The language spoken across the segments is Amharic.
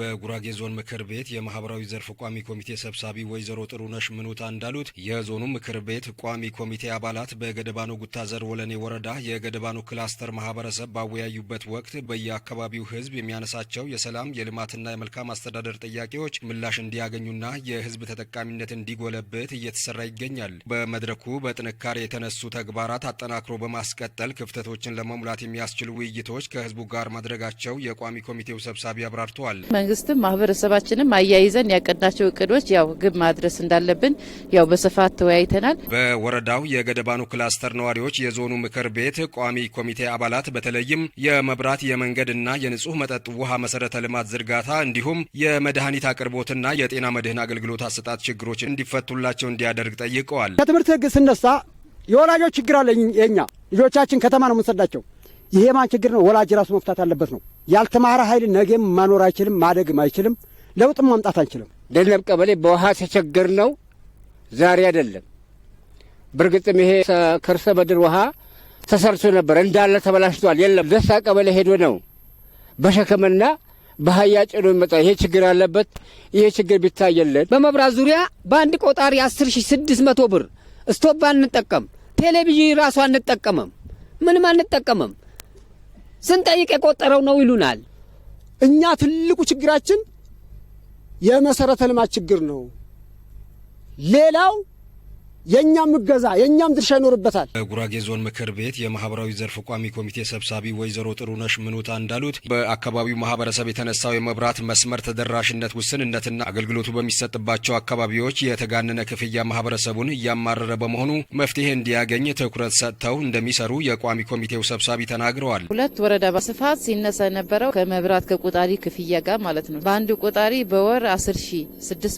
በጉራጌ ዞን ምክር ቤት የማህበራዊ ዘርፍ ቋሚ ኮሚቴ ሰብሳቢ ወይዘሮ ጥሩነሽ ምኑታ እንዳሉት የዞኑ ምክር ቤት ቋሚ ኮሚቴ አባላት በገደባኖ ጉታዘር ወለኔ ወረዳ የገደባኖ ክላስተር ማህበረሰብ ባወያዩበት ወቅት በየአካባቢው ሕዝብ የሚያነሳቸው የሰላም የልማትና የመልካም አስተዳደር ጥያቄዎች ምላሽ እንዲያገኙና የሕዝብ ተጠቃሚነት እንዲጎለብት እየተሰራ ይገኛል። በመድረኩ በጥንካሬ የተነሱ ተግባራት አጠናክሮ በማስቀጠል ክፍተቶችን ለመሙላት የሚያስችሉ ውይይቶች ከሕዝቡ ጋር ማድረጋቸው የቋሚ ኮሚቴው ሰብሳቢ አብራርተዋል። መንግስትም ማህበረሰባችንም አያይዘን ያቀዳቸው እቅዶች ያው ግብ ማድረስ እንዳለብን ያው በስፋት ተወያይተናል። በወረዳው የገደባኑ ክላስተር ነዋሪዎች የዞኑ ምክር ቤት ቋሚ ኮሚቴ አባላት በተለይም የመብራት የመንገድና የንጹህ መጠጥ ውሃ መሰረተ ልማት ዝርጋታ እንዲሁም የመድኃኒት አቅርቦትና የጤና መድህን አገልግሎት አሰጣጥ ችግሮች እንዲፈቱላቸው እንዲያደርግ ጠይቀዋል። ከትምህርት ህግ ስነሳ የወላጆች ችግር አለ። የኛ ልጆቻችን ከተማ ነው የምንሰዳቸው። ይሄ ማን ችግር ነው? ወላጅ ራሱ መፍታት ያለበት ነው። ያልተማረ ኃይል ነገም ማኖር አይችልም፣ ማደግም አይችልም፣ ለውጥም ማምጣት አንችልም። ደለም ቀበሌ በውሃ ተቸገር ነው ዛሬ አይደለም። በእርግጥም ይሄ ከርሰ ምድር ውሃ ተሰርቶ ነበር እንዳለ ተበላሽቷል። የለም ደሳ ቀበሌ ሄዶ ነው በሸከምና በአህያ ጭኖ ይመጣ። ይሄ ችግር አለበት። ይሄ ችግር ቢታየለን። በመብራት ዙሪያ በአንድ ቆጣሪ 16መቶ ብር እስቶባ አንጠቀም፣ ቴሌቪዥን ራሱ አንጠቀመም፣ ምንም አንጠቀመም። ስንጠይቅ የቆጠረው ነው ይሉናል። እኛ ትልቁ ችግራችን የመሰረተ ልማት ችግር ነው። ሌላው የእኛም እገዛ የእኛም ድርሻ ይኖርበታል። በጉራጌ ዞን ምክር ቤት የማህበራዊ ዘርፍ ቋሚ ኮሚቴ ሰብሳቢ ወይዘሮ ጥሩነሽ ምኑታ እንዳሉት በአካባቢው ማህበረሰብ የተነሳው የመብራት መስመር ተደራሽነት ውስንነትና አገልግሎቱ በሚሰጥባቸው አካባቢዎች የተጋነነ ክፍያ ማህበረሰቡን እያማረረ በመሆኑ መፍትሄ እንዲያገኝ ትኩረት ሰጥተው እንደሚሰሩ የቋሚ ኮሚቴው ሰብሳቢ ተናግረዋል። ሁለት ወረዳ በስፋት ሲነሳ የነበረው ከመብራት ከቆጣሪ ክፍያ ጋር ማለት ነው። በአንድ ቆጣሪ በወር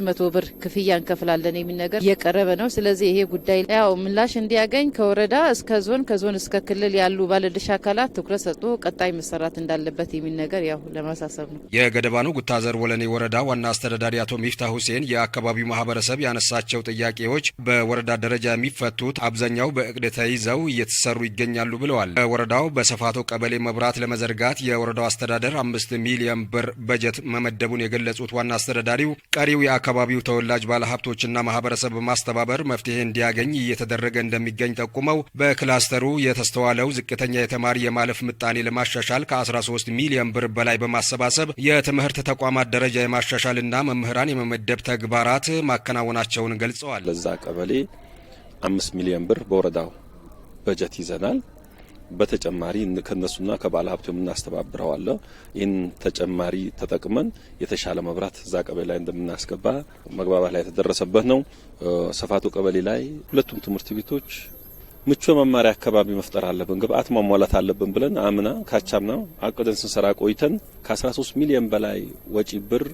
መቶ ብር ክፍያ እንከፍላለን የሚል ነገር እየቀረበ ነው። ስለዚህ ይሄ ጉዳይ ያው ምላሽ እንዲያገኝ ከወረዳ እስከ ዞን ከዞን እስከ ክልል ያሉ ባለድርሻ አካላት ትኩረት ሰጥቶ ቀጣይ መሰራት እንዳለበት የሚል ነገር ያው ለማሳሰብ ነው። የገደባኑ ጉታዘር ወለኔ ወረዳ ዋና አስተዳዳሪ አቶ ሚፍታ ሁሴን የአካባቢው ማህበረሰብ ያነሳቸው ጥያቄዎች በወረዳ ደረጃ የሚፈቱት አብዛኛው በእቅድ ተይዘው እየተሰሩ ይገኛሉ ብለዋል። በወረዳው በሰፋቶ ቀበሌ መብራት ለመዘርጋት የወረዳው አስተዳደር አምስት ሚሊዮን ብር በጀት መመደቡን የገለጹት ዋና አስተዳዳሪው ቀሪው የአካባቢው ተወላጅ ባለሀብቶችና ማህበረሰብ በማስተባበር መፍትሄ እንዲያገኝ እየተደረገ እንደሚገኝ ጠቁመው በክላስተሩ የተስተዋለው ዝቅተኛ የተማሪ የማለፍ ምጣኔ ለማሻሻል ከ13 ሚሊዮን ብር በላይ በማሰባሰብ የትምህርት ተቋማት ደረጃ የማሻሻልና መምህራን የመመደብ ተግባራት ማከናወናቸውን ገልጸዋል። ለዛ ቀበሌ አምስት ሚሊዮን ብር በወረዳው በጀት ይዘናል። በተጨማሪ ከነሱና ከባለ ሀብቱ የምናስተባብረው ይህን ተጨማሪ ተጠቅመን የተሻለ መብራት እዛ ቀበሌ ላይ እንደምናስገባ መግባባት ላይ የተደረሰበት ነው። ሰፋቱ ቀበሌ ላይ ሁለቱም ትምህርት ቤቶች ምቹ የመማሪያ አካባቢ መፍጠር አለብን፣ ግብአት ማሟላት አለብን ብለን አምና ካቻምና አቅደን ስንሰራ ቆይተን ከ13 ሚሊዮን በላይ ወጪ ብር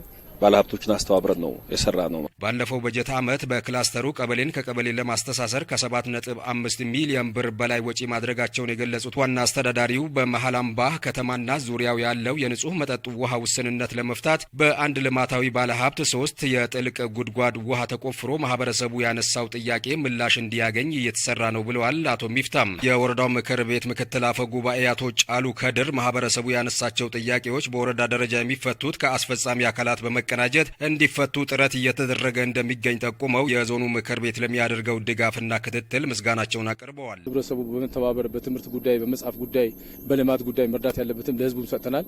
ባለሀብቶችን አስተባብረን ነው የሰራ ነው። ባለፈው በጀት ዓመት በክላስተሩ ቀበሌን ከቀበሌ ለማስተሳሰር ከ7.5 ሚሊዮን ብር በላይ ወጪ ማድረጋቸውን የገለጹት ዋና አስተዳዳሪው በመሀል አምባ ከተማና ዙሪያው ያለው የንጹህ መጠጥ ውሃ ውስንነት ለመፍታት በአንድ ልማታዊ ባለሀብት ሶስት የጥልቅ ጉድጓድ ውሃ ተቆፍሮ ማህበረሰቡ ያነሳው ጥያቄ ምላሽ እንዲያገኝ እየተሰራ ነው ብለዋል አቶ ሚፍታም። የወረዳው ምክር ቤት ምክትል አፈ ጉባኤ አቶ ጫሉ ከድር ማህበረሰቡ ያነሳቸው ጥያቄዎች በወረዳ ደረጃ የሚፈቱት ከአስፈጻሚ አካላት በመቀ በማቀናጀት እንዲፈቱ ጥረት እየተደረገ እንደሚገኝ ጠቁመው የዞኑ ምክር ቤት ለሚያደርገው ድጋፍና ክትትል ምስጋናቸውን አቅርበዋል። ህብረተሰቡ በመተባበር በትምህርት ጉዳይ፣ በመጽሐፍ ጉዳይ፣ በልማት ጉዳይ መርዳት ያለበትም ለህዝቡም ሰጥተናል።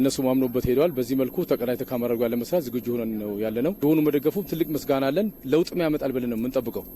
እነሱ አምኖበት ሄደዋል። በዚህ መልኩ ተቀናጅተን ከአመራር ጋር ለመስራት ዝግጁ ሆነን ነው ያለ ነው። ዞኑ መደገፉም ትልቅ ምስጋና አለን። ለውጥም ያመጣል ብለን ነው የምንጠብቀው።